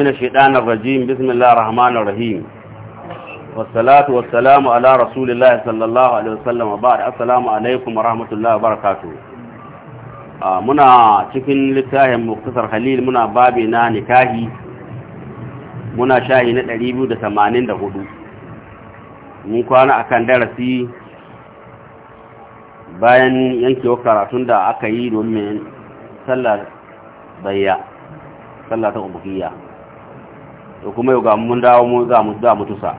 من الشيطان الرجيم بسم الله الرحمن الرحيم والصلاة والسلام على رسول الله صلى الله عليه وسلم السلام عليكم ورحمة الله وبركاته منا cikin littafin muktasar Khalil muna babi nikahi muna shayi na 284 mun kwana akan darasi bayan yankewa karatun da aka yi domin sallar bayya sallah ta ubudiyya to kuma yau ga mun dawo mu za mu za mu tusa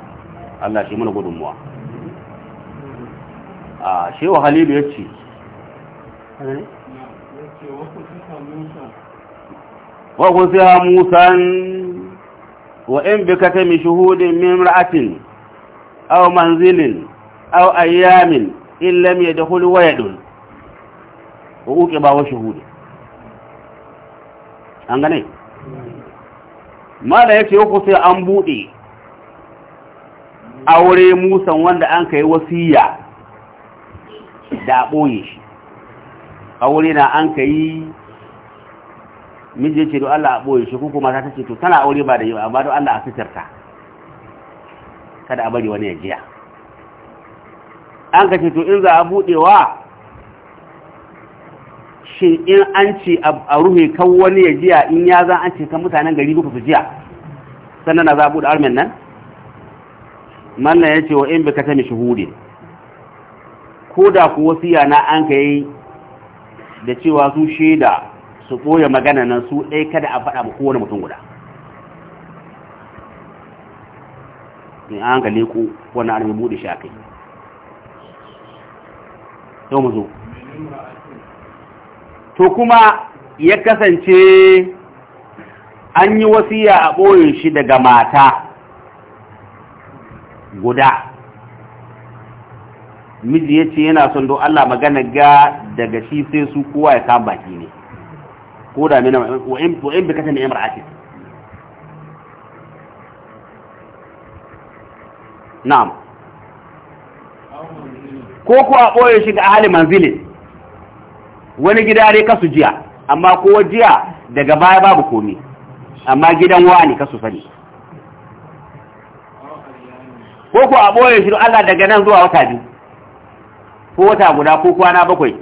Allah shi mana gudunmuwa a wa halilu ya ce wa kun sai musan wa in bi katami shuhudin min ra'atin aw manzilin aw ayamin in lam yadkhul wayadun wa uqiba wa shuhudin an gane mala ya ce yau sai an buɗe aure musan wanda an kai wasiya da ɓoye shi aure na an kai miji ce Allah a ɓoye shi ko kuma ta ce to tana aure ba da ba, amma do Allah a fitarta kada a bari wani ya jiya an ka ce to in za a buɗewa shin in an ce a ruhe kan wani ya jiya in ya za an ce kan mutanen gari duka su jiya sannan na za a buɗe armen nan mallan ya ce wa in bika ta mishuhudin ko da ku wasiya na an ka yi da cewa su shaida su ɓoye magana nan su ɗai kada a faɗa ma kowane mutum guda in an ka leko wani armen buɗe shi a kai yau mu zo to kuma ya kasance an yi wasiya a ɓoyin shi daga mata guda miji ya ce yana son don Allah magana ga daga shi sai su kowa ya kama baki ne ko da mina wa'in bi kasance ya imar na'am ko ko a ɓoye shi ga ahalin manzilin wani gida dai kasu jiya amma kowa jiya daga baya babu komi amma gidan wani kasu sani ko ku a boye shi Allah daga nan zuwa wata biyu ko wata guda ko kwana bakwai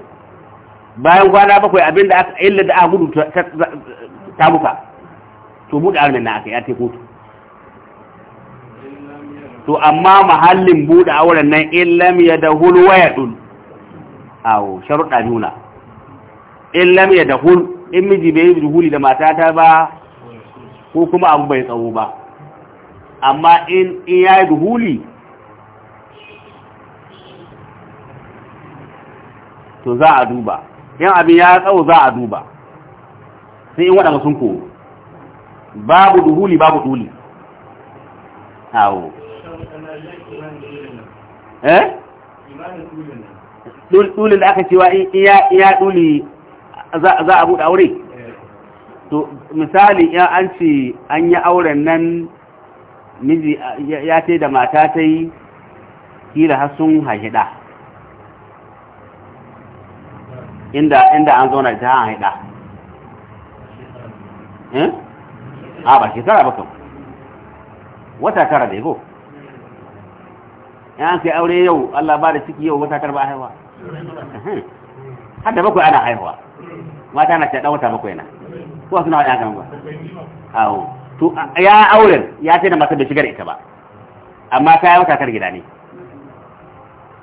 bayan kwana bakwai abinda aka illa da gudu ta buka to buɗe armin na aka yi ake kotu to amma mahallin buɗe auren nan illam ya da hulwa ya ɗul awo sharuɗa nuna in lam ya dahul in miji bai yi duhuli da matata ba ko kuma abu bai tsawo ba amma in ya yi duhuli to za a duba in abin ya tsawo za a duba sai in waɗanda sun koro babu duhuli babu duhuli hawo eh? dulin da aka cewa iya duli za a buɗe aure to misali ya an ce an yi auren nan miji ya ce da mata ta yi kila har sun haihida inda an zauna ta haihida eh a ba shekara ba kan wata tara da go ya an ce aure yau Allah ba da ciki yau wata tara ba haihuwa har bakwai ana haihuwa mata na shaɗa wata bakwai na ko suna waɗa kan ba awo to ya auren ya ce da matar da shigar ita ba amma ta yi wata kar gida ne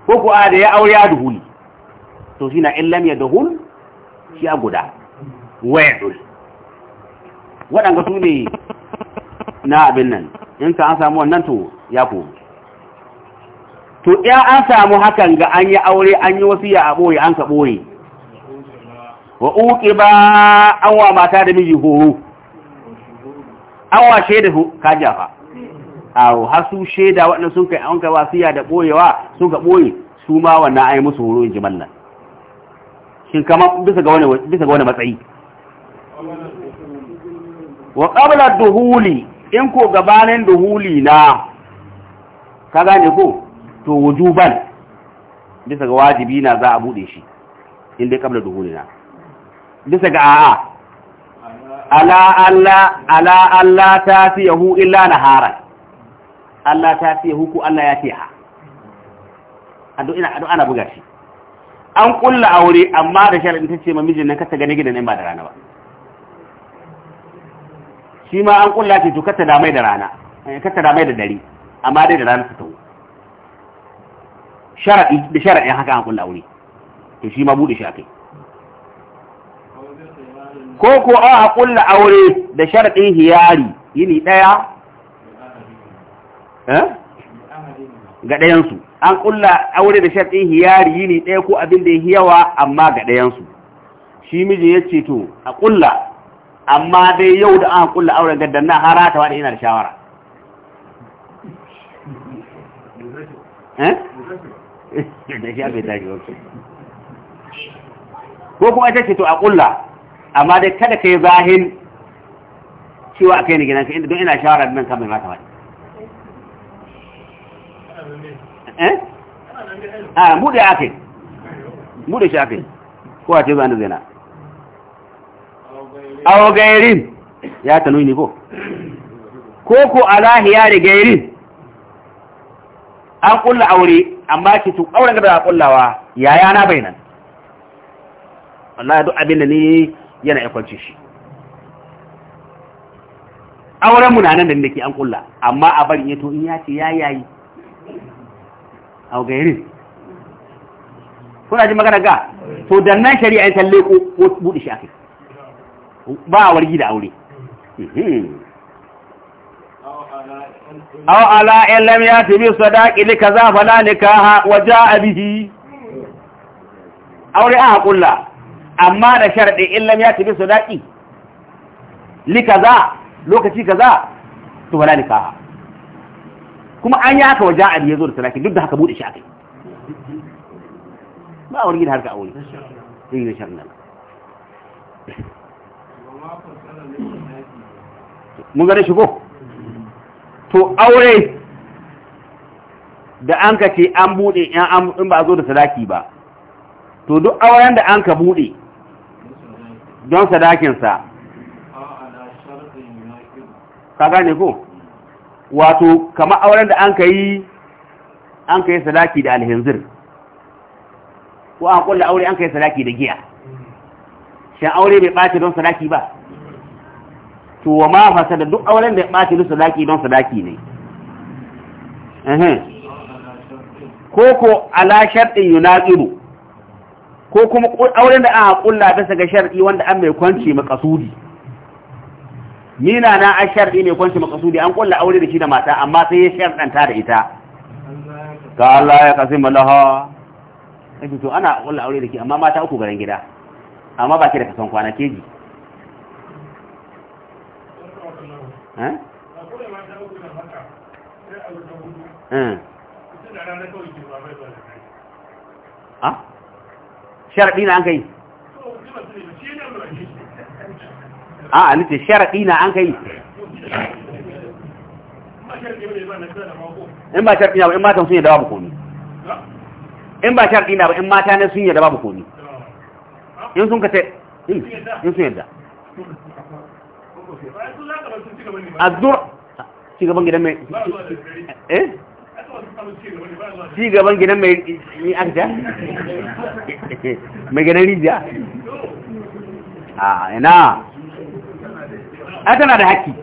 ko ko a da ya aure ya duhuli to shi na illam ya duhul shi a guda waya dul waɗanda su ne na abin nan in ka an samu wannan to ya ku to ya an samu hakan ga an yi aure an yi wasu ya a ɓoye an ka ɓoye wa uke ba an wa mata da miji horo an wa shaida ka jafa awo har su shaida waɗanda sun kai an kai wasiya da ɓoyewa sun ka ɓoye su ma wannan ai musu horo in ji mallan shin kama bisa ga wani bisa ga wani matsayi wa qabla duhuli in ko gabanin duhuli na ka gane ko to wujuban bisa ga wajibi na za a bude shi in dai qabla duhuli na bisa ga a'a ala Allah ala Allah ta fi yahu illa naharan Allah ta fi yahu ko Allah ya fiha ado ina ado ana buga shi an kulla aure amma da sharadin ta ce mamijin nan kasa gane gidan nan ba da rana ba shi ma an kulla ce to kasa da mai da rana eh, kasa da mai da dare amma dai da rana ta tawo sharadi da sharadin haka an kulla aure to shi ma bude shi akai ko ko a haƙulla aure da sharɗin hiyari yini ɗaya eh? ga ɗayansu an ƙulla aure da sharɗin hiyari yini ɗaya ko abin da ya yawa amma ga ɗayansu shi miji ya ce to a ƙulla amma dai yau da an ƙulla aure ga danna harata wa da ina da shawara eh? ko kuma ita ce to a ƙulla amma dai kada ka yi zahin cewa a kai ni gidanka inda don ina shawara nan kamar mata wani eh? ah, a mu da ake mu shi ake ko ce zuwa zina a awo gairin ya ta nuni ko ko ko alahiya da gairin an kulla aure amma ki tu auren da ba kullawa yayana na bainan wallahi duk abin da ni yana ya kwance shi auren mu na nan da nake an kulla amma a bari ya to in ya ce ya yayi au gairin kuna ji magana ga to dan nan shari'a ya talle ko ko bude shi akai ba a wargi da aure aw ala in lam yati bi sadaqi likaza fala nikaha wa jaa bihi aure a kulla amma da in illam ya tafi sadaki li kaza lokaci kaza to wala kaha kuma an yi haka waje ali yazo da sadaki duk da haka bude shi akai ba a wargi da harka aure sai ne sharna mun gane shi ko to aure da an ka ce an bude in ba a zo da sadaki ba to duk auren da an ka bude don sadakinsa ka gane ko wato kama auren da an ka yi an ka yi sadaki da alhinzir ko an kulla aure an ka yi sadaki da giya shan aure bai ɓace don sadaki ba to wa ma fasada duk auren da ya ɓace don sadaki don sadaki ne ko ko ala sharɗin yunaqibu ko kuma auren da aka kulla bisa ga shar'i wanda an mai kwanci makasudi nina na a shar'i mai kwanci makasudi an kulla aure da shi da mata amma sai ya sharɗanta da ita ka Allah ya kasima laha ake to ana kulla aure da ki amma mata uku garin gida amma ba ke da kasan kwana keji Ah? sharaɗi na an kai a nace sharaɗi na an kai in ba sharaɗi na ba in matan sun yi da babu komi in ba sharaɗi na ba in mata ne sun yi da babu komi in sun kace hmm, in sun yadda a zur ci gidan mai eh ci gaban gidan mai yi akja mai gina rijiya a ina a tana da haki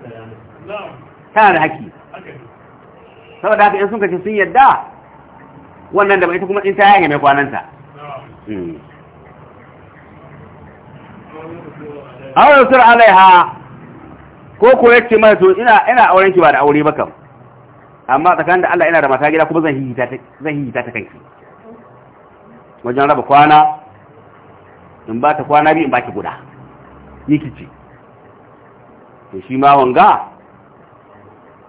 tana da haki saboda haka in sun kashe sun yadda wannan da mai ta kuma in ta yaya mai kwananta hmm. aure sur alaiha ko ya ce mai to ina auren ki ba da aure ba kam amma tsakanin da Allah yana da mata gida kuma zan hihita ta kanki wajen raba kwana in ba ta kwana biyu in ba ki guda ni kici to shi ma wanga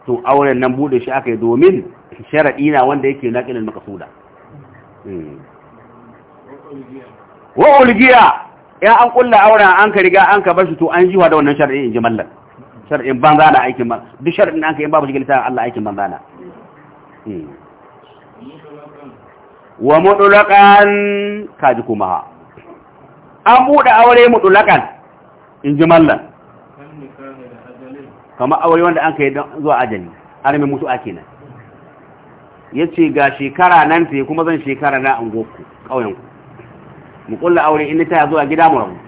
to auren nan bude shi aka yi domin sharaɗi na wanda yake naƙilin makasuda hmm. wa ulgiya ya an kulla auren an ka riga an ka bashi to an jiwa da wannan sharaɗi in ji mallan shar'in banza na aikin ba duk shar'in an ka yi babu shiga littafin Allah aikin banza na hmm. wa mutulakan ji kuma an buɗe aure mutulakan in ji mallan kama aure wanda an ka yi zuwa ajali an mai mutu ake nan ya ce ga shekara nan ta kuma zan shekara na an goku ƙauyenku mu ƙulla aure in ta zuwa gida mu rabu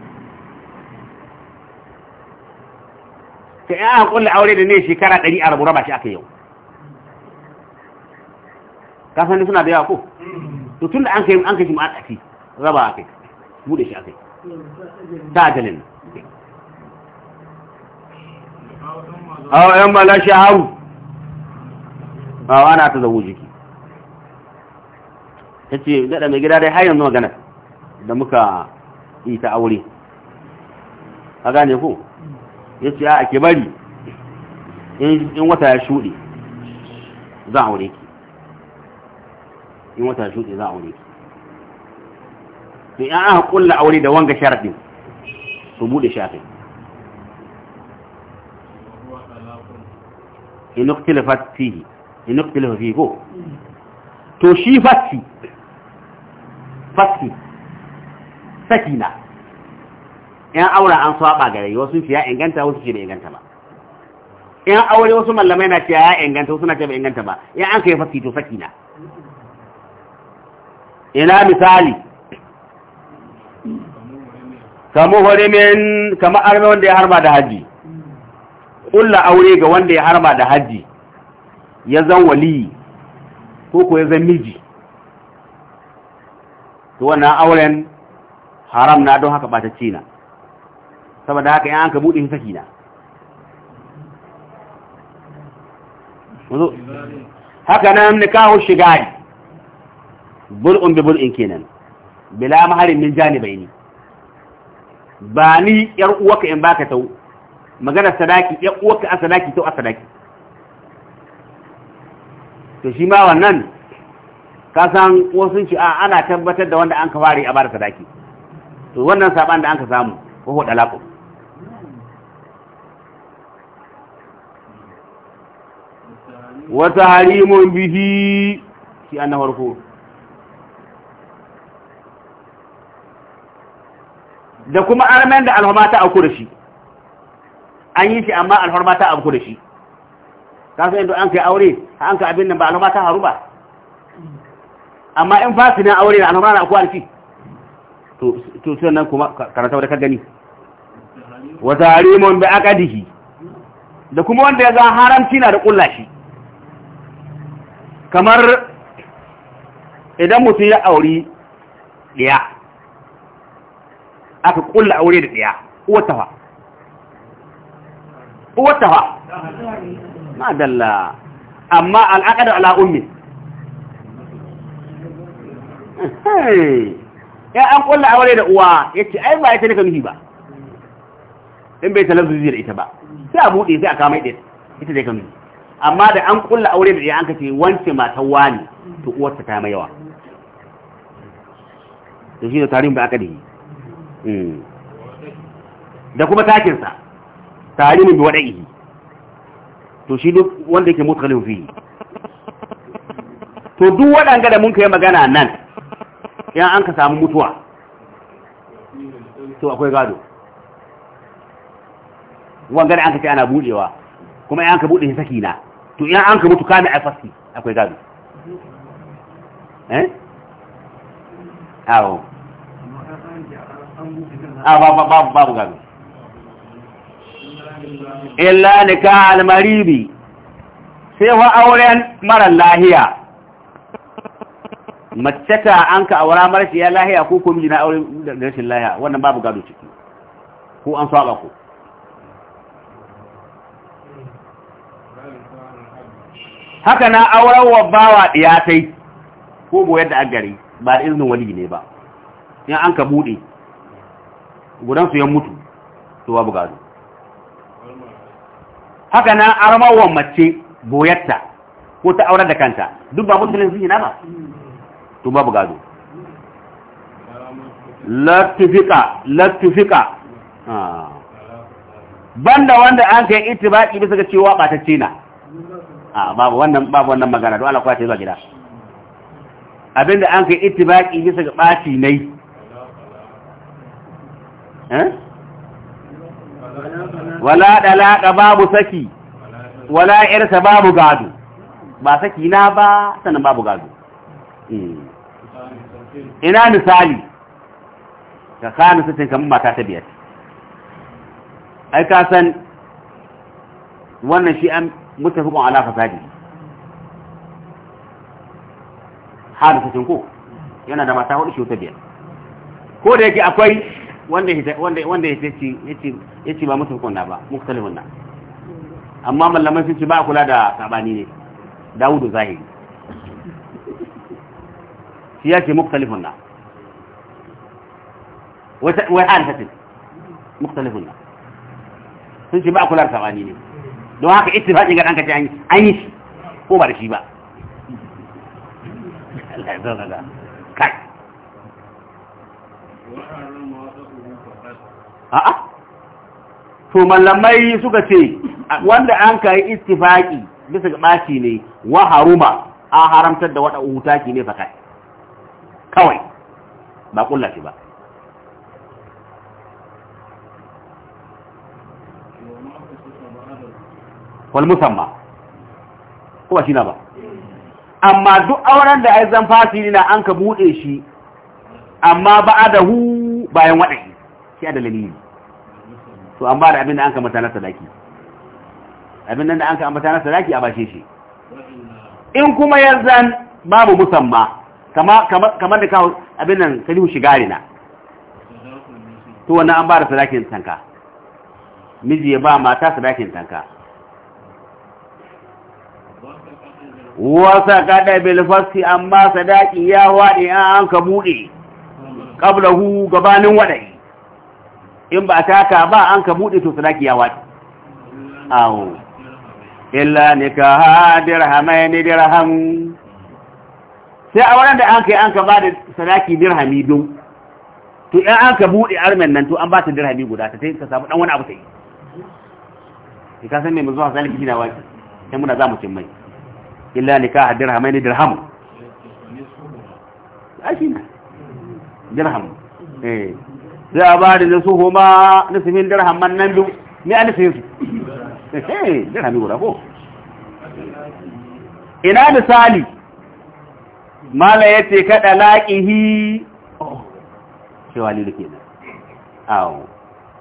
ta yi aka kulla aure da ne shekara ɗari a rabu raba shi aka yau kasani suna da yawa ko to tun da an kai an kai shi ma'a tsaki raba akai bude shi akai ta ajalin awa yan mala sha'aru ba wana ta zawo jiki ta ce daɗa mai gida dai har yanzu magana da muka yi ta aure a gane ko ya ce a ke bari in wata ya shuɗe za a aure ki in wata ya shuɗe za a ki to in aka kulla aure da wanga sharaɗin su buɗe shafin inu uktilafat fihi in ko to shi fatti saki sakina yan aure an saba gare wasu ce ya inganta wasu ce bai inganta ba yan aure wasu mallamai na ce ya inganta wasu na ce bai inganta ba yan an kai fasi to saki na ina misali kamu min kama arme wanda ya harba da haji kulla aure ga wanda ya harba da haji ya zan wali ko ko ya zan miji to wannan auren haram na don haka ba ta cina saboda haka yan ka ka buɗe saki na haka nan nikahu shigari bul'un bi bul'in kenan bila maharin min janibai ne ba ni yar uwaka in baka tau magana sadaki yar uwaka a sadaki tau a sadaki to shi ma wannan ka san wasu ci ana tabbatar da wanda an ka fari a bar sadaki to wannan saban da an ka samu ko ho dalaku wata harimun bihi shi an na farko da kuma armen da alhama ta auku da shi an yi shi amma alhama ta auku da shi kasu yadda an kai aure an ka abin nan ba alhama ta haru ba amma in fasi na aure na alhama na auku da shi to sun nan kuma karanta wadda ka gani wata harimun bi akadihi da kuma wanda ya za haramci na da kullashi kamar idan mutum ya auri ɗaya aka ƙulla aure da ɗaya, tafa, uwar tafa ma dalla amma al'aƙadar al'ummi ya an ƙulla aure da uwa ya ce ai ba ya ce nika nufi ba in bai zuzi da ita ba sai a buɗe sai a kama ita ita zai ka nuhi amma da an kulla aure da an kace wance matan wani to uwarta ta mai yawa to shi ne tarihin ba aka da yi hmm. da kuma takinsa tarihin bi wada'ihi to shi duk wanda yake mutkalin fi to duk waɗanga da mun kai magana nan yan an ka samu mutuwa to akwai gado wanga da an ka ana budewa kuma yan ka buɗe shi sakina to in an ka mutu kana a fasi akwai gado eh awo a ah, babu ba ba gado illa nika almaribi sai wa auren mara lahiya mace ta an ka aura ya lahiya ko kuma na aure da rashin lahiya wannan babu gado ciki ko an saba ko haka na auren wa bawa diyatai ko go yadda a gari ba da izinin wani ne ba in an ka bude gudan su yan mutu to babu gado haka na wa mace goyarta ko ta aurar da kanta duk ba mutumin zina ba to babu gado latifika latifika ah. banda wanda an kai itibaki bisa ga cewa ta cina. a babu wannan babu wannan magana don Allah kwace zuwa gida abinda an kai ittibaki bisa ga baci nai eh wala dalaka babu saki wala irsa babu gado ba saki na ba sannan babu gado hmm. ina misali ka kanu sitin kamar mata ta biyar ai ka san wannan shi an متفق على hadu cikin ko yana da mata hudu ta biyar ko da yake akwai wanda wanda wanda yace yace yace ba mutafaqun na ba muktalifun na amma mallaman sun ci ba kula da sabani ne Dawudu zahiri shi yace muktalifun na wai hadisa muktalifun na sun ci ba kula da sabani ne don haka ittifaqin ga ɗanka ce an yi shi ko ba da shi ba a'a to mallamai suka ce wanda an kai ittifaqi bisa ga ɓaci ne wa haruma an haramtar da wuta ki ne fakai kawai ba shi ba wal musamma ko ba shi na ba amma duk auren da ai zan fasiri na an ka bude shi amma ba adahu bayan wadai shi a dalili to an ba da abin da an ka mata na sadaki abin nan da an ka ambata na sadaki a bashe shi in kuma yanzan babu musamma kama kama da kawo abin nan salihu shigari na to wannan an ba da sadakin tanka miji ya ba mata sadakin tanka wasa kada bilfassi amma sadaki ya waɗe an ka buɗe ƙablahu gabanin waɗai in ba taka ba an ka buɗe to sadaki ya waɗe awo illa nikaha ne dirham sai a waɗanda da an kai an ka ba da sadaki dirhami don to in an ka buɗe armen nan to an ba ta dirhami guda ta sai ka samu ɗan wani abu ta yi ka san mai mazuwa zalifi na waki sai muna za mu cin mai illa nikaha dirhamain dirham ashina dirham eh za a ba da nasu homa nufin dirham man nan biyu ne a nufin su eh dirham guda ko ina misali mala ya ce kaɗa laƙihi shewali da ke nan awo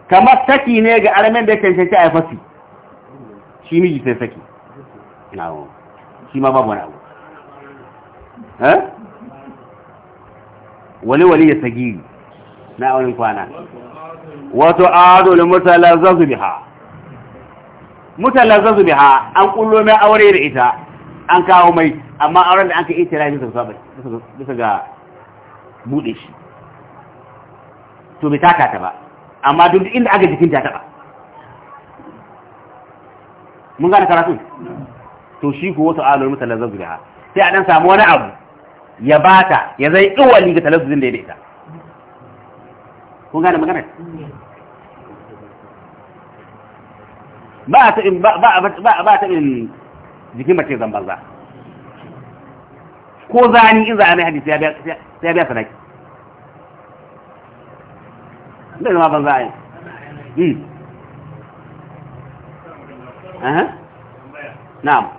kamar saki ne ga alamin da ya kan cancanci a yi fasi shi miji sai saki awo shi ma babu wani abu eh? wani wali ya sagi na wani kwana wato adolin mutalazzazu biha mutalazzazu biha an kullo mai aure da ita an kawo mai amma auren da an ka ita rafi bisa ga buɗe shi to bai taka ta ba amma duk inda aka jikinta ta ba mun gane karatu. to shi kuwa su'alul da ha. sai a dan samu wani abu ya bata ya zai iwali ga talazzuzin da ya ita kun gane magana ba ta in ba ba ba ta in jikin mace zan banza. ko zani in za a mai hadisi ya biya ya biya sanaki da ma banza hmm. a yi na'am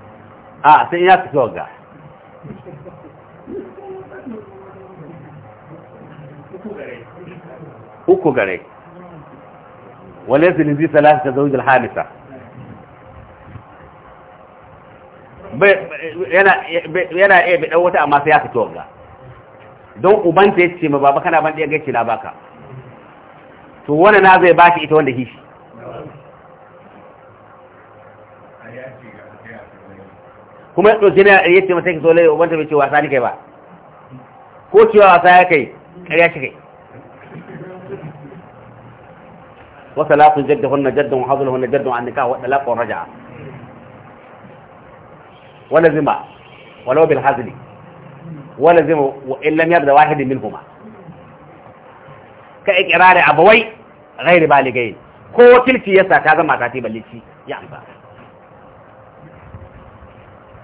a ah, sai ya tafi waga uku gare wale zilin zai lafi ta zaujil hamisa yana iya biɗan wata amma sai ya tafi ga don ubanta ya ce ma baba kana ban ɗaya gaci na baka to wani na zai baki ita wanda hishi kuma ya ɗauki na ya ce masa ka zo lai ubanta bai ce wasa ni kai ba ko cewa wasa ya kai ƙarya shi kai wasa lafin jadda hunna jadda wa hazula hunna jadda an nika wadda lafin raja wala zima walau bil hazli wala zima wa in lam yarda wahidin huma ka iqrari abawai ghairi baligai ko tilki yasa ta zama ta ti ya amsa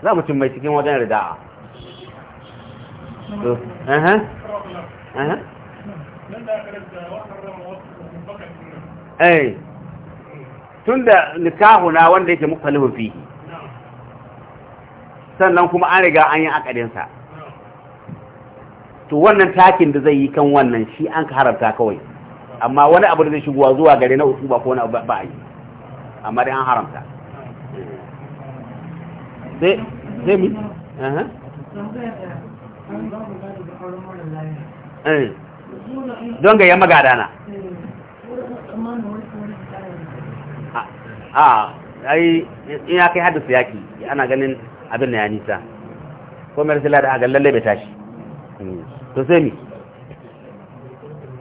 za mu cin mai cikin wajen rida'a eh. tun da nikahuna wanda yake mukhalifin fihi sannan kuma an riga an yi akadinsa to wannan takin da zai yi kan wannan shi an ka haramta kawai amma wani abu da zai shigowa zuwa gari na ba ko wani abu ba a yi amma dai an haramta sai sai mi aha uh-huh. eh. don ga yamma gada na a ah, ah, ai in ya kai haddasa yaki ana ganin abin da ya nisa ko mai rasila da aga lalle bai tashi hmm. to sai mi